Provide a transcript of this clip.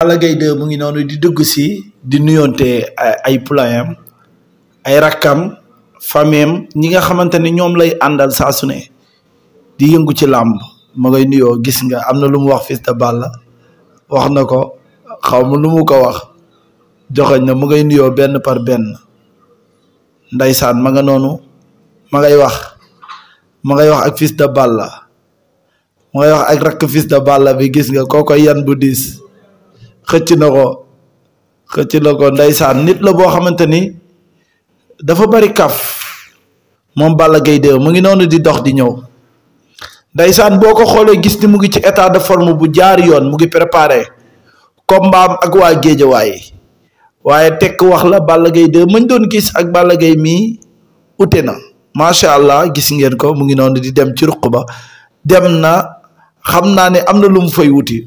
Balla Gaye 2 mu ngi noonu di dugg si di nuyonte ay pulaayam ay rakkam fameem ñi nga xamante ne ñoom lay àndal saa su ne di yëngu ci làmb mu ngay nuyoo gis nga am na lu mu wax Fils de Balla wax na ko xaw ma lu mu ko wax joxoñ na mu ngay nuyoo benn par benn ndaysaan ma nga noonu ma ngay wax ma ngay wax ak Fils de Balla ma ngay wax ak rakk Fils de Balla bi gis nga koo koy yan bu diis xëcc na ko xëcc na nit la boo xamante ni dafa bari kaf moom Balla Gaye 2 mu ngi noonu di dox di ñëw ndeysaan boo ko xoolee gis ni mu ngi ci état de forme bu jaar yoon mu ngi préparé mbaam ak waa géejawaay waaye tekk wax la Balla Gaye 2 mañ doon gis ak Balla Gaye mii ute na macha allah gis ngeen ko mu ngi noonu di dem ci ruq ba dem na xam naa ne am na lu mu fay wuti